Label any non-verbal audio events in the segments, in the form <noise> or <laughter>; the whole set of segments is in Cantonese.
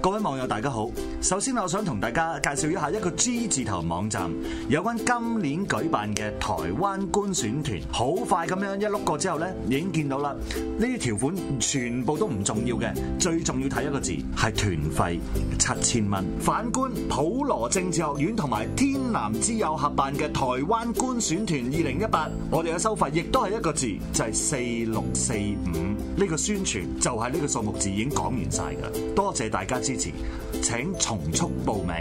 各位網友大家好，首先我想同大家介紹一下一個 G 字頭網站，有關今年舉辦嘅台灣官選團，好快咁樣一碌過之後呢，已經見到啦，呢啲條款全部都唔重要嘅，最重要睇一個字係團費七千蚊。反觀普羅政治學院同埋天南之友合辦嘅台灣官選團二零一八，我哋嘅收費亦都係一個字，就係四六四五，呢個宣傳就係呢個數目字已經講完晒噶，多謝大家。支持，請重複報名。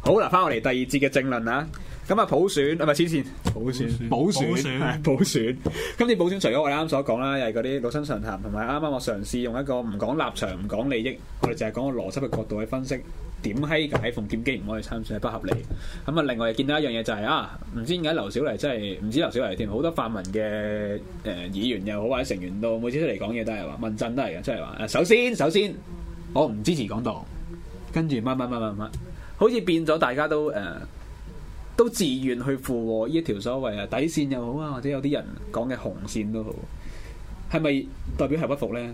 好啦，返我嚟第二節嘅政論啊！咁啊，普選係咪黐線？是是普選，普選，普選。今次普選，除咗我哋啱所講啦，又係嗰啲老生常談，同埋啱啱我嘗試用一個唔講立場、唔講利益，我哋淨係講個邏輯嘅角度去分析。點喺解奉檢機唔可以參選係不合理。咁啊，另外又見到一樣嘢就係、是、啊，唔知點解劉小麗真係唔止劉小麗添，好多泛民嘅誒、呃、議員又好或者成員都每次出嚟講嘢都係話問政都係嘅，即係話啊，首先首先我唔支持港獨，跟住乜乜乜乜乜，好似變咗大家都誒、呃、都自願去附和呢一條所謂啊底線又好啊，或者有啲人講嘅紅線都好，係咪代表係不服咧？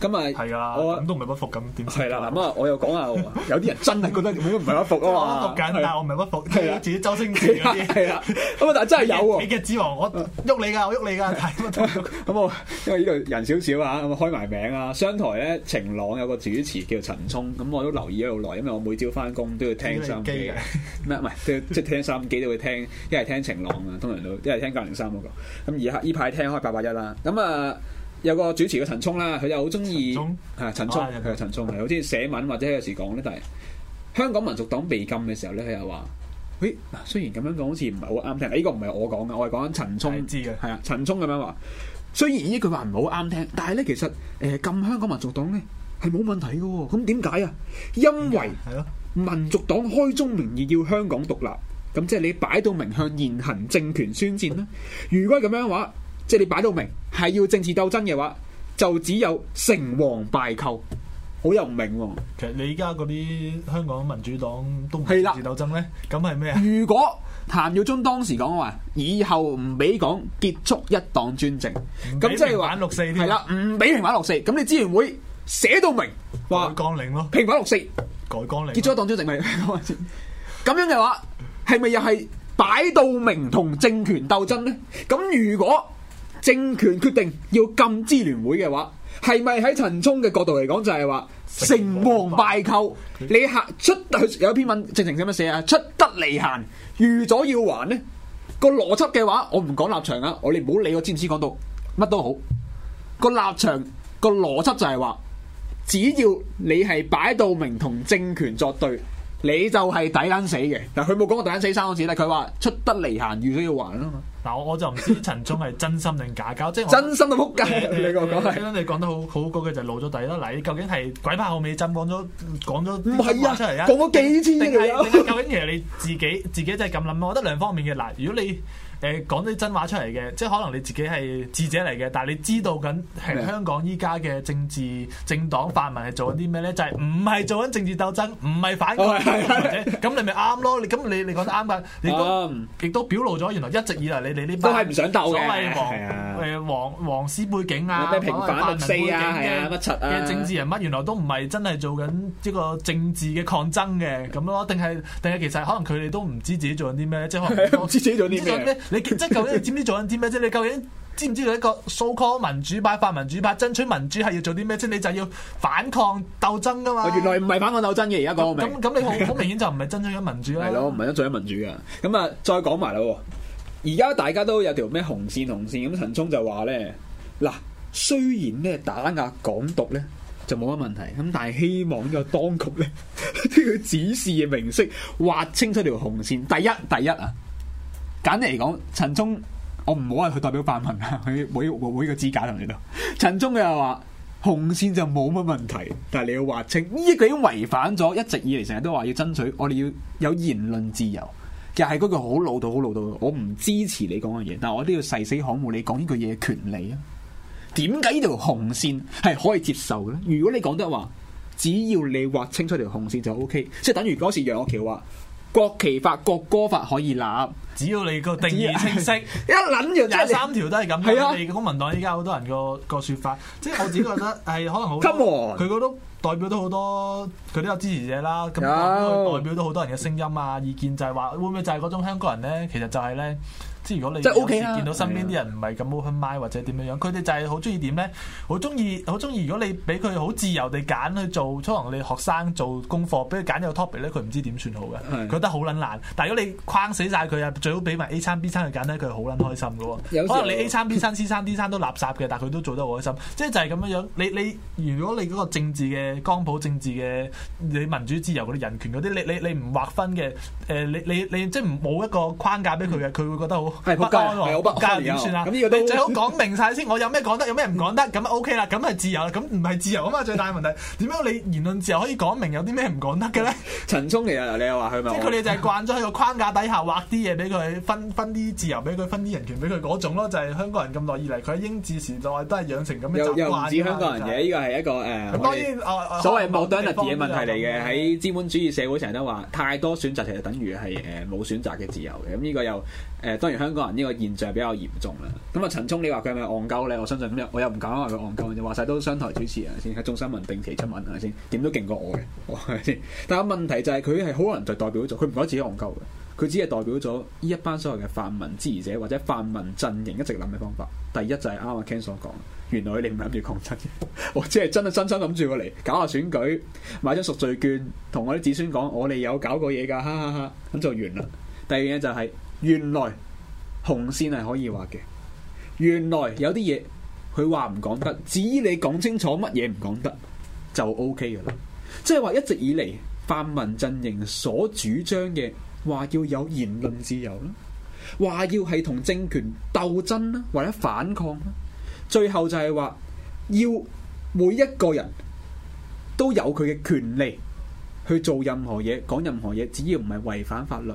咁咪係啊，咁都唔係屈服咁，點係啦？嗱咁啊，媽媽我又講下， <laughs> 有啲人真係覺得唔係屈服啊嘛，屈服緊，但係我唔係屈服，係的 <laughs> 啊，自己周星馳啊，係啊。咁啊，但係真係有喎。你嘅子王，我喐你噶，我喐你噶。咁我、 <laughs> 嗯，因為呢度人少少啊，咁、嗯、啊開埋名啊。商台咧，晴朗有個主持叫陳聰，咁我都留意咗好耐，因為我每朝翻工都要聽收音機嘅，咩唔係即係聽收音機都要聽，一係聽晴朗啊，通常都一係聽隔零三嗰個。咁而家呢排聽開八八一啦，咁啊。有個主持嘅陳沖啦，佢又好中意啊陳沖，佢係陳沖，係好中意寫文或者有時講咧。但係香港民族黨被禁嘅時候咧，佢又話，誒、哎，雖然咁樣講好似唔係好啱聽，呢、這個唔係我講嘅，我係講緊陳沖知嘅，係啊，陳沖咁樣話。雖然呢句話唔係好啱聽，但係咧其實誒禁香港民族黨咧係冇問題嘅，咁點解啊？因為民族黨開宗明義要香港獨立，咁即係你擺到明向現行政權宣戰啦。如果係咁樣嘅話。即係你擺到明，係要政治鬥爭嘅話，就只有成王敗寇。好又唔明喎。其實你而家嗰啲香港民主黨都政治鬥爭咧，咁係咩啊？如果譚耀宗當時講話以後唔俾講結束一黨專政，咁即係話，係啦，唔俾平反六四。咁你支聯會寫到明，話平反六四改綱領咯，平反六四改綱領，結束一黨專政咪？咁樣嘅話，係咪又係擺到明同政權鬥爭咧？咁如果？政權決定要禁支聯會嘅話，係咪喺陳沖嘅角度嚟講就係話成王敗寇？Okay. 你行出得有一篇文，直情寫乜寫啊？出得嚟行，預咗要還呢、呢個邏輯嘅話，我唔講立場啊！我哋唔好理我知唔知講到乜都好。個立場、個邏輯就係話，只要你係擺到明同政權作對，你就係抵撚死嘅。嗱，佢冇講過抵撚死三個字，但佢話，出得嚟行，預咗要還啊嘛。嗱， <music> 我就唔知陳忠係真心定假交，即係 <laughs> 真心到撲街。 <laughs> <laughs> 你講得好好好嘅就露咗底啦。嗱，你究竟係鬼拍後尾枕講咗講咗啲乜出嚟啊？講咗幾次？定係究竟其實你自己 <laughs> <laughs> 自己真係咁諗？我覺得兩方面嘅。嗱，如果你誒講啲真話出嚟嘅，即係可能你自己係智者嚟嘅，但係你知道緊係香港依家嘅政治政黨泛民係做緊啲咩咧？就係唔係做緊政治鬥爭，唔係反共咁你咪啱咯？咁你你講得啱嘅，你都亦、um, 都表露咗原來一直以來你你呢班所謂黃誒黃黃絲背景啊，咩平反六四啊嘅嘅、啊啊、政治人物，原來都唔係真係做緊呢個政治嘅抗爭嘅咁咯？定係定係其實可能佢哋都唔知自己做緊啲咩咧？即可能。 <laughs> 唔知自己做啲咩。 <laughs> <laughs> 你即係究竟知唔知做緊啲咩啫？你究竟知唔知道一個 so-called 民主派、泛民主派爭取民主係要做啲咩啫？你就要反抗鬥爭噶嘛？原來唔係反抗鬥爭嘅，而家講明。咁 <laughs> 你好明顯就唔係爭取緊民主啦。係咯， <laughs> <laughs> 唔係一最一民主嘅。咁啊，再講埋啦喎。而家大家都有條咩紅線、紅線。咁陳聰就話咧：嗱，雖然咧打壓港獨咧就冇乜問題，咁但係希望呢個當局咧，呢 <laughs> 個指示嘅名色劃清楚條紅線。第一，第一，第一，第一啊！簡單嚟講，陳忠，我唔好話佢代表泛民啊，佢每每呢個支架喺唔喺度？陳忠佢又話紅線就冇乜問題，但係你要劃清呢，句已經違反咗一直以嚟成日都話要爭取，我哋要有言論自由，又係嗰句好老道、好老道，我唔支持你講嘅嘢，但係我都要誓死捍衛你講呢句嘢嘅權利啊！點解呢條紅線係可以接受嘅咧？如果你講得話，只要你劃清出條紅線就 OK，即係等於嗰時楊岳橋話。國旗法、國歌法可以立，只要你個定義清晰。一諗就廿三條都係咁嘅。你，你公民黨依家好多人個個説法， <laughs> 即係我自己覺得係可能好，金佢嗰都代表咗好多佢都有支持者啦。咁都代表咗好多人嘅聲音啊、意見，就係、是、話會唔會就係嗰種香港人咧？其實就係咧。即如係 O K 啊！見到身邊啲人唔係咁 open mind 或者點樣樣，佢哋就係好中意點咧？好中意，好中意。如果你俾佢好自由地揀去做，同你學生做功課，俾佢揀有 topic 咧，佢唔知點算好嘅，佢覺得好撚難。但係如果你框死晒佢啊，最好俾埋 A 餐 B 餐去揀咧，佢好撚開心嘅喎。可能你 A 餐 B 餐 C 餐 D 餐都垃圾嘅，但係佢都做得好開心。即係就係咁樣樣。你你，如果你嗰個政治嘅光譜、政治嘅你民主自由嗰啲人權嗰啲，你你你唔劃分嘅，誒你你你即係冇一個框架俾佢嘅，佢會覺得好。係不安，係不安，點算啦？咁呢個你最好講明晒先，我有咩講得，有咩唔講得，咁啊 OK 啦，咁係自由啦，咁唔係自由啊嘛？最大嘅問題點樣？你言論自由可以講明有啲咩唔講得嘅咧？陳聰其實你又話佢咪？即係佢哋就係慣咗喺個框架底下畫啲嘢俾佢，分分啲自由俾佢，分啲人權俾佢嗰種咯，就係、是、香港人咁耐。以嚟佢喺英治時代都係養成咁嘅習慣啦。又又唔止香港人嘅，呢個係一個誒，所謂 modernity 嘅問題嚟嘅。喺資本主義社會成日都話，太多選擇其實等於係誒冇選擇嘅自由嘅。咁呢個又誒，當、呃、然香港人呢個現象係比較嚴重啦。咁啊，陳聰，你話佢係咪戇鳩咧？我相信咁樣，我又唔敢話佢戇鳩，你話晒都商台主持人先係眾新聞，文定期出文係咪先？點都勁過我嘅，我係先？但係問題就係佢係好多人就代表咗，佢唔覺得自己戇鳩嘅，佢只係代表咗呢一班所謂嘅泛民支持者或者泛民陣營一直諗嘅方法。第一就係啱阿 Ken 所講，原來你唔諗住抗爭嘅， <laughs> 我只係真係真心諗住嚟搞下選舉，買咗贖罪券，同我啲子孫講，我哋有搞過嘢㗎，哈哈哈，哈，咁就完啦。第二樣嘢就係、是、原來。紅線係可以畫嘅，原來有啲嘢佢話唔講得，至於你講清楚乜嘢唔講得就 O K 嘅啦。即係話一直以嚟，泛民陣營所主張嘅話要有言論自由啦，話要係同政權鬥爭或者反抗，最後就係話要每一個人都有佢嘅權利去做任何嘢，講任何嘢，只要唔係違反法律。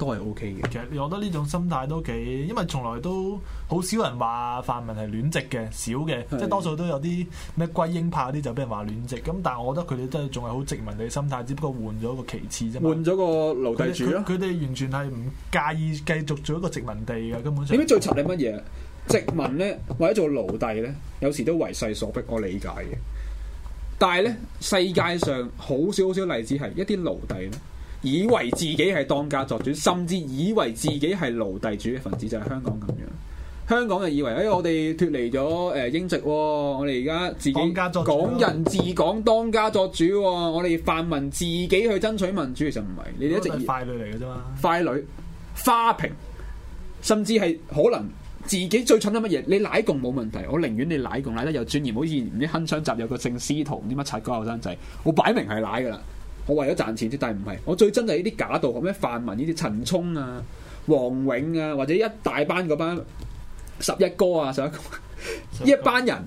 都係 OK 嘅，其實我覺得呢種心態都幾，因為從來都好少人話泛民係戀殖嘅，少嘅，的即係多數都有啲咩歸英派啲就俾人話戀殖，咁但係我覺得佢哋都仲係好殖民地心態，只不過換咗個旗幟啫嘛，換咗個奴隸主佢哋們完全係唔介意繼續做一個殖民地嘅根本上。點解最慘係乜嘢？殖民咧，或者做奴隸咧，有時都為勢所迫，我理解嘅。但係咧，世界上好少好少例子係一啲奴隸咧。以為自己係當家作主，甚至以為自己係奴隸主嘅分子，就係、是、香港咁樣。香港就以為，哎，我哋脫離咗誒英殖、哦，我哋而家自己港人治港當家作主，當家作主哦，我哋泛民自己去爭取民主，其實唔係，你哋一直以「快女」嚟嘅啫嘛，快女花瓶，甚至係可能自己最蠢係乜嘢？你奶共冇問題，我寧願你奶共奶得又專業，好似唔知鏗鏘集有個姓司徒唔知乜柒個後生仔，我擺明係奶㗎啦。我為咗賺錢啫，但係唔係。我最憎就係呢啲假道學咩泛民呢啲陳沖啊、王永啊，或者一大班嗰班十一哥啊、十一個， <laughs> 一班人說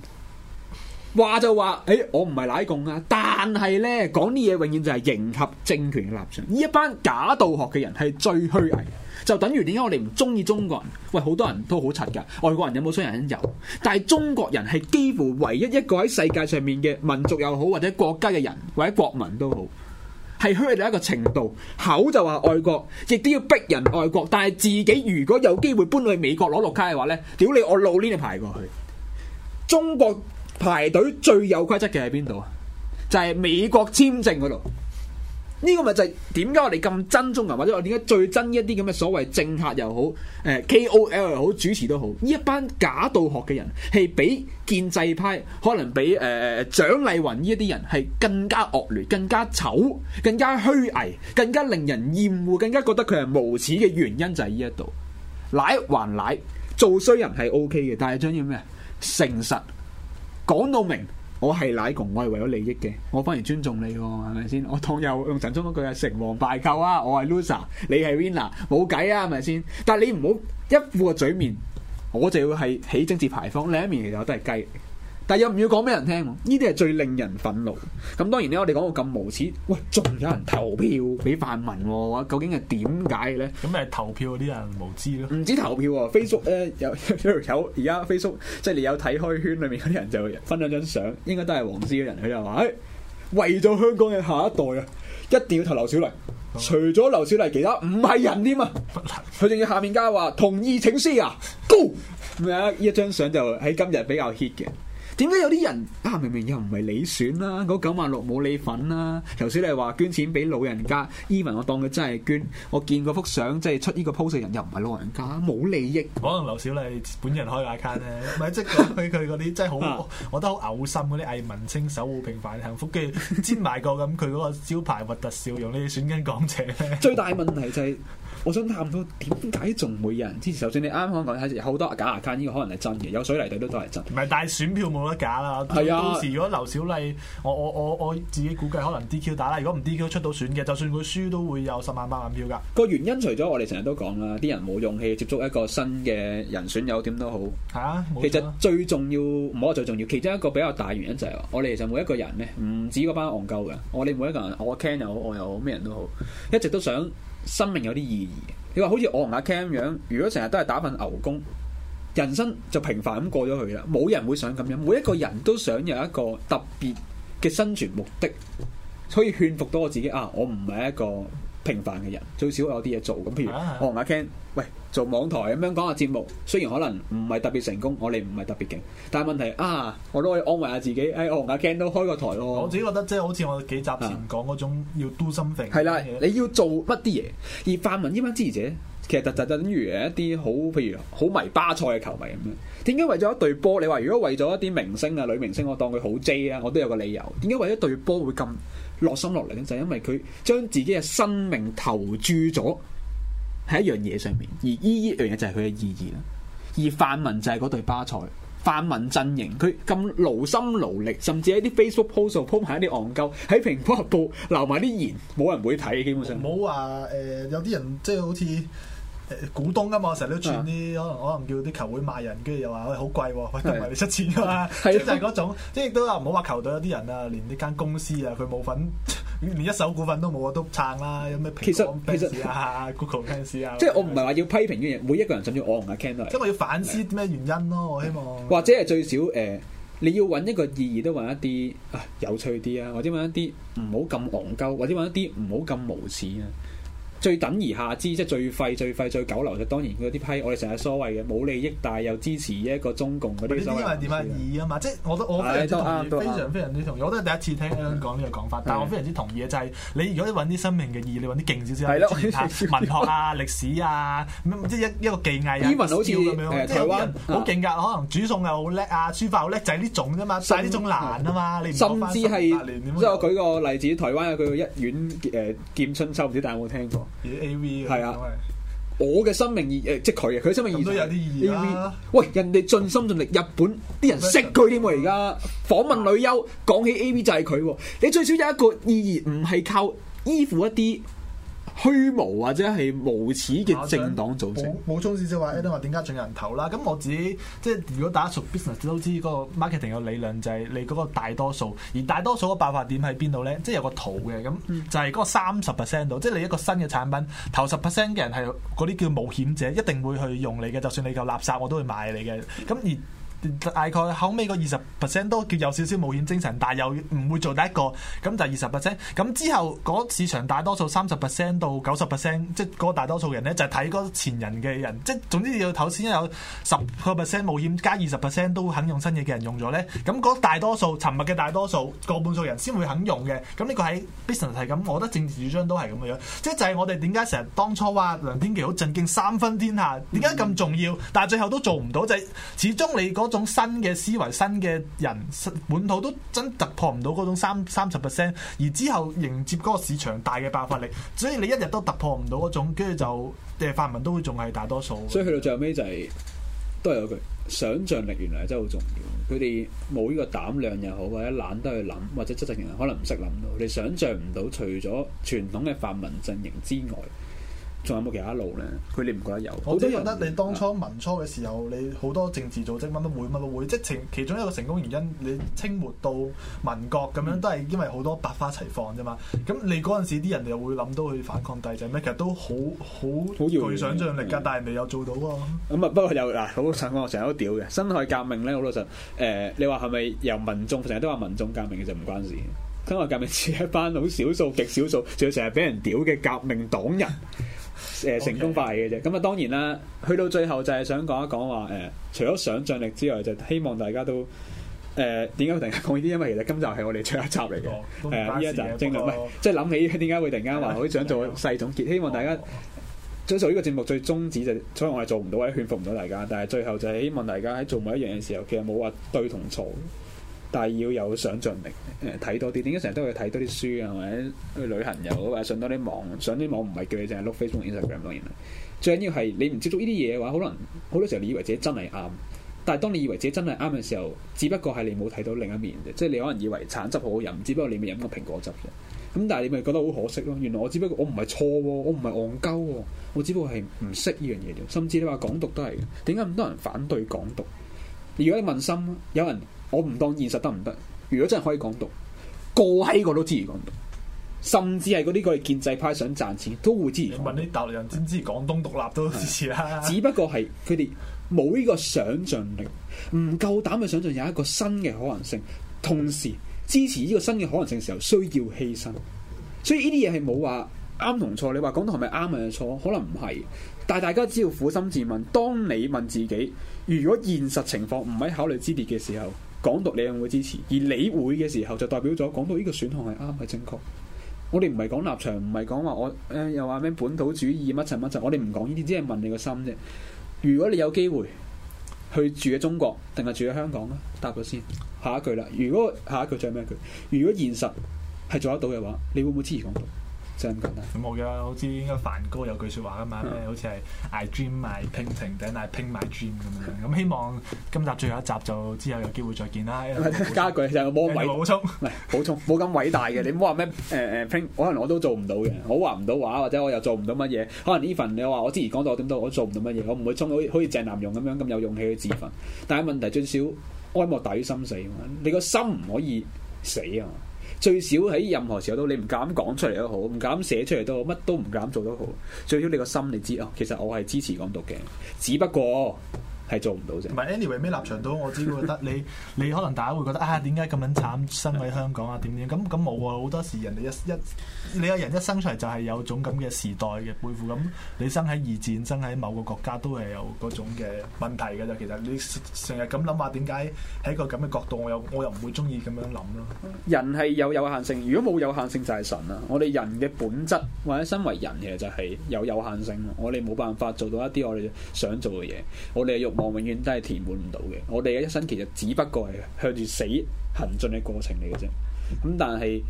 說，話就話誒，我唔係奶共啊，但係呢講啲嘢永遠就係迎合政權嘅立場。呢一班假道學嘅人係最虛偽，就等於點解我哋唔中意中國人？喂，好多人都好柒噶，外國人有冇衰人有，但係中國人係幾乎唯一一個喺世界上面嘅民族又好，或者國家嘅人或者國民都好。係虛到一個程度，口就話愛國，亦都要逼人愛國。但係自己如果有機會搬去美國攞綠卡嘅話呢，屌你，我老啲嚟排過去。中國排隊最有規則嘅喺邊度啊？就係、是、美國簽證嗰度。呢個咪就係點解我哋咁憎中啊，或者我點解最憎一啲咁嘅所謂政客又好，誒 KOL 又好，主持都好，呢一班假道學嘅人係比建制派，可能比誒、呃、蔣麗芸呢一啲人係更加惡劣、更加醜、更加虛偽、更加令人厭惡、更加覺得佢係無恥嘅原因就係呢一度，賴還賴，做衰人係 OK 嘅，但係將要咩誠實講到明。我係奶共，我係為咗利益嘅，我反而尊重你，係咪先？我當又用神中嗰句啊，成王敗寇啊，我係 loser，你係 winner，冇計啊，係咪先？但係你唔好一副個嘴面，我就要係起政治牌坊，另一面其實我都係雞。但又唔要講俾人聽，呢啲係最令人憤怒。咁當然咧，我哋講到咁無恥，喂，仲有人投票俾泛民？話究竟係點解咧？咁咪投票嗰啲人無知咯？唔止投票，Facebook 咧、呃、有有而家 Facebook 即係你有睇開圈裏面嗰啲人就分咗張相，應該都係黃絲嘅人，佢就話：，為、欸、咗香港嘅下一代啊，一定要投劉小麗。嗯、除咗劉小麗，其他唔係人添啊！佢仲 <laughs> 要下面加話同意請師啊高，o 咩啊？呢、嗯、一張相就喺今日比較 hit 嘅。點解有啲人啊？明明又唔係你選啦、啊，嗰九萬六冇你份啦、啊。劉小麗話捐錢俾老人家，even 我當佢真係捐。我見嗰幅相即係出呢個 post 嘅人又唔係老人家，冇利益。可能劉小麗本人開 account 咧，咪 <laughs> 即係講佢嗰啲真係好， <laughs> 我覺得好嘔心嗰啲藝文青守護平凡幸福嘅，煎埋個咁佢嗰個招牌核突笑容，你選緊港姐咧？最大問題就係、是。我想探到點解仲會有人支持。就算你啱啱講睇，好多假牙卡呢個可能係真嘅，有水泥隊都都係真。唔係，但係選票冇得假啦。係啊，到時如果劉小麗，我我我我自己估計可能 DQ 打啦。如果唔 DQ 出到選嘅，就算佢輸都會有十萬八萬票㗎。個原因除咗我哋成日都講啦，啲人冇勇氣接觸一個新嘅人選，有點都好。係、啊啊、其實最重要唔好最重要，其中一個比較大原因就係、是、我哋就每一個人咧，唔止嗰班戇鳩嘅，我哋每一個人，我 Ken 又好，我又好，咩人都好，一直都想。生命有啲意義。你話好似我同阿 Ken 咁樣，如果成日都係打份牛工，人生就平凡咁過咗去啦。冇人會想咁樣，每一個人都想有一個特別嘅生存目的，所以勸服到我自己啊！我唔係一個平凡嘅人，最少有啲嘢做咁。譬如我同阿 Ken。喂，做網台咁樣講下節目，雖然可能唔係特別成功，我哋唔係特別勁，但係問題啊，我都可以安慰下自己，誒、哎，我同阿 Ken 都開個台咯。我自己覺得即係好似我幾集前講嗰種要 do 心型，係啦，你要做乜啲嘢。而泛民呢班支持者，其實就就等於係一啲好，譬如好迷巴塞嘅球迷咁樣。點解為咗一隊波？你話如果為咗一啲明星啊，女明星，我當佢好 jay 啊，我都有個理由。點解為咗隊波會咁落心落力咧？就係、是、因為佢將自己嘅生命投注咗，喺一樣嘢上面，而依一樣嘢就係佢嘅意義啦。而泛民就係嗰隊巴塞，泛民陣營佢咁勞心勞力，甚至喺啲 Facebook post 鋪埋一啲戇鳩，喺蘋果日報留埋啲言，冇人會睇基本上。唔好話誒，有啲人即係好似誒股東啊嘛，成日都轉啲可能可能叫啲球會賣人，跟住又話喂好貴，喂同埋你出錢噶嘛，就係嗰種， <laughs> 即係亦都話唔好話球隊有啲人啊，連呢間公司啊佢冇份。連一手股份都冇啊，都撐啦！有咩平反公司啊？Google 啊？即係我唔係話要批評呢嘢，每一個人都信我同阿 Ken 都係。即係我要反思咩原因咯？我希望。或者係最少誒、呃，你要揾一個意義都揾一啲啊有趣啲啊，或者揾一啲唔好咁戇鳩，或者揾一啲唔好咁無恥啊。最等而下之，即係最廢、最廢、最九流。就當然嗰啲批，我哋成日所謂嘅冇利益，但係又支持一個中共嗰啲所謂。你呢啲係點啊？義啊嘛，即係我都我非常非常非常之同意。我都係第一次聽香港呢個講法，但我非常之同意嘅就係你如果揾啲生命嘅意義，你揾啲勁少少啦，文學啊、歷史啊，即係一一個技藝啊、文詩詞咁樣。誒，台灣好勁㗎，可能煮餸又好叻啊，書法好叻，就係呢種啫嘛。曬呢種難啊嘛，你甚至係即係我舉個例子，台灣有個一院誒劍春秋，唔知大家有冇聽過？A, A V 啊，係啊， <noise> 我嘅生命意，誒，即係佢啊，佢嘅生命意都有啲意義啦。喂，人哋盡心盡力，日本啲人識佢添喎，而家訪問女優講起 A V 就係佢喎。你最少有一個意義，唔係靠依附一啲。虛無或者係無恥嘅政黨組織，冇冇、啊、宗旨話 a t 話點解仲有人投啦？咁我自己即係如果打熟 business 都知個 marketing 嘅理論，就係你嗰個大多數，而大多數嘅爆發點喺邊度咧？即、就、係、是、有個圖嘅，咁就係嗰個三十 percent 度，即係、就是、你一個新嘅產品，頭十 percent 嘅人係嗰啲叫冒險者，一定會去用你嘅，就算你夠垃圾我都會買你嘅。咁而大概後尾個二十 percent 都叫有少少冒險精神，但係又唔會做第一個，咁就二十 percent。咁之後嗰、那個、市場大多數三十 percent 到九十 percent，即係嗰大多數人咧，就係睇嗰前人嘅人，即係總之要頭先有十個 percent 冒險加二十 percent 都肯用新嘢嘅人用咗咧。咁、那、嗰、個、大多數，沉默嘅大多數個半數人先會肯用嘅。咁呢個喺 business 係咁，我覺得政治主張都係咁嘅樣。即係就係我哋點解成日當初話梁天琦好震驚三分天下，點解咁重要？但係最後都做唔到，就係、是、始終你、那個種新嘅思維、新嘅人、本土都真突破唔到嗰種三三十 percent，而之後迎接嗰個市場大嘅爆發力，所以你一日都突破唔到嗰種，跟住就嘅泛民都會仲係大多數。所以去到最後尾就係、是、都係嗰句，想象力原嚟真係好重要。佢哋冇呢個膽量又好，或者懶得去諗，或者執政人可能唔識諗到，佢哋想象唔到除咗傳統嘅泛民陣營之外。仲有冇其他路咧？佢哋唔覺得有？我都覺得你當初民初嘅時候，你好多政治組織乜乜會乜乜會，即係其中一個成功原因。你清末到民國咁樣都係因為好多百花齊放啫嘛。咁你嗰陣時啲人又會諗到去反抗帝制咩？其實都好好具想像力㗎，但係未有做到喎。咁啊、嗯嗯，不過又嗱，好老實講，成日都屌嘅辛亥革命咧，好老實。誒、呃，你話係咪由民眾成日都話民眾革命嘅，就唔關事？真係革命，似一班好少數、極少數，仲要成日俾人屌嘅革命黨人，誒、呃、成功快嘅啫。咁啊，當然啦，去到最後就係想講一講話誒、呃，除咗想像力之外，就是、希望大家都誒點解會突然間講呢啲？因為其實今集係我哋最後一集嚟嘅，係啊、嗯，呢一、呃、集正到即係諗起點解會突然間話好想做細總結，希望大家做做呢個節目最宗旨就是，所以我係做唔到，或者勸服唔到大家，但係最後就希望大家喺做每一樣嘅時候，其實冇話對同錯。但係要有想象力，誒、呃、睇多啲。點解成日都會睇多啲書或者去旅行又好啊，或者上多啲網，上啲網唔係叫你淨係 look Facebook、Instagram 當然。最緊要係你唔接觸呢啲嘢嘅話，可能好多時候你以為自己真係啱。但係當你以為自己真係啱嘅時候，只不過係你冇睇到另一面啫。即、就、係、是、你可能以為橙汁好飲，只不過你未飲過蘋果汁啫。咁但係你咪覺得好可惜咯？原來我只不過我唔係錯喎、啊，我唔係戇鳩喎，我只不過係唔識呢樣嘢。甚至你話港獨都係，點解咁多人反對港獨？如果你問心，有人。我唔當現實得唔得？如果真係可以講獨，個閪個都支持講獨，甚至係嗰啲個建制派想賺錢都會支持。你問啲大陸人知唔知廣東獨立都支持啦。只不過係佢哋冇呢個想象力，唔夠膽去想象有一個新嘅可能性。同時支持呢個新嘅可能性嘅時候，需要犧牲。所以呢啲嘢係冇話啱同錯。你話廣東係咪啱定係錯？可能唔係。但係大家只要苦心自問，當你問自己，如果現實情況唔喺考慮之列嘅時候。港獨你有冇支持？而你會嘅時候就代表咗港獨呢個選項係啱係正確。我哋唔係講立場，唔係講話我誒、呃、又話咩本土主義乜柒乜柒。我哋唔講呢啲，只係問你個心啫。如果你有機會去住喺中國定係住喺香港咧，答咗先。下一句啦。如果下一句再係咩句？如果現實係做得到嘅話，你會唔會支持港獨？真噶，咁冇噶，好似應該梵高有句説話咁啊，咩、嗯、好似係 I dream my painting，定係 paint my dream 咁樣。咁、嗯、希望今集最後一集，就之後有機會再見啦。家具就冇乜嘢，補充嚟補充，冇咁偉大嘅。 <laughs> 你唔好話咩誒誒拼，可能我都做唔到嘅。我畫唔到畫或者我又做唔到乜嘢，可能呢份你話我之前講到點都到，我做唔到乜嘢，我唔會衝，好似好似鄭南榕咁樣咁有勇氣去自焚。但係問題最少哀莫大於心死啊嘛，你個心唔可以死啊嘛。最少喺任何時候都，你唔敢講出嚟都好，唔敢寫出嚟都好，乜都唔敢做都好，最少你個心你知哦。其實我係支持港獨嘅，只不過。係做唔到啫。唔係，anyway 咩立場都，我只覺得你 <laughs> 你可能大家會覺得啊，點解咁樣慘？身喺香港啊，點點咁咁冇啊，好多時人哋一一你個人一生出嚟就係有種咁嘅時代嘅背負，咁你生喺二戰，生喺某個國家都係有嗰種嘅問題㗎啫。其實你成日咁諗下，點解喺個咁嘅角度，我又我又唔會中意咁樣諗咯、啊。人係有有限性，如果冇有，有限性就係神啦、啊。我哋人嘅本質或者身為人，其實就係有有限性。我哋冇辦法做到一啲我哋想做嘅嘢。我哋係慾望。我永遠都係填滿唔到嘅，我哋嘅一生其實只不過係向住死行進嘅過程嚟嘅啫。咁但係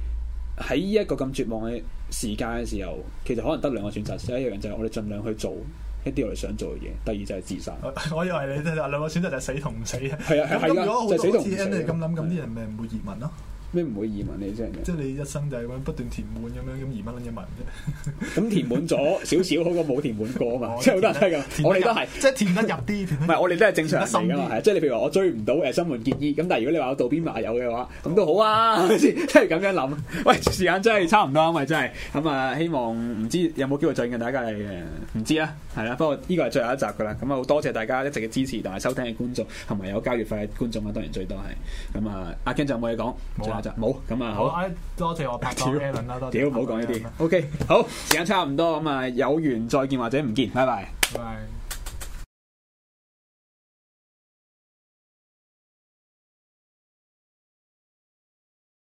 喺呢一個咁絕望嘅時間嘅時候，其實可能得兩個選擇，第一樣就係我哋盡量去做一啲我哋想做嘅嘢，第二就係自殺。我以為你哋兩個選擇就係死同唔死，係啊咁、啊、如果多就死死好多好似你 n 咁諗，咁啲人咪唔會移民咯。咩唔會移民你啫？即係你一生就係咁不斷填滿咁樣咁移民撚移民啫。咁、嗯、填滿咗少少好過冇填滿過啊嘛。即係好多人係咁我哋都係即係填得入啲。唔係我哋都係 <laughs> 正常人嚟㗎嘛，係即係你譬如話我追唔到誒新垣結衣咁但係如果你話有道邊埋友嘅話，咁都、嗯、好啊，咪先？即係咁樣諗。喂，時間真係差唔多啦，咪真係咁啊！希望唔知有冇機會再見大家係唔知啊，係啦。不過呢個係最後一集㗎啦，咁啊好多謝大家一直嘅支持同埋收聽嘅觀眾，同埋有交月費嘅觀眾啊，當然最多係咁啊。阿 Ken 就冇嘢講，Ken, 冇咁啊，好多謝我拍少飛啦，屌唔好講呢啲，OK，好，時間差唔多咁啊，有緣再見或者唔見，拜拜。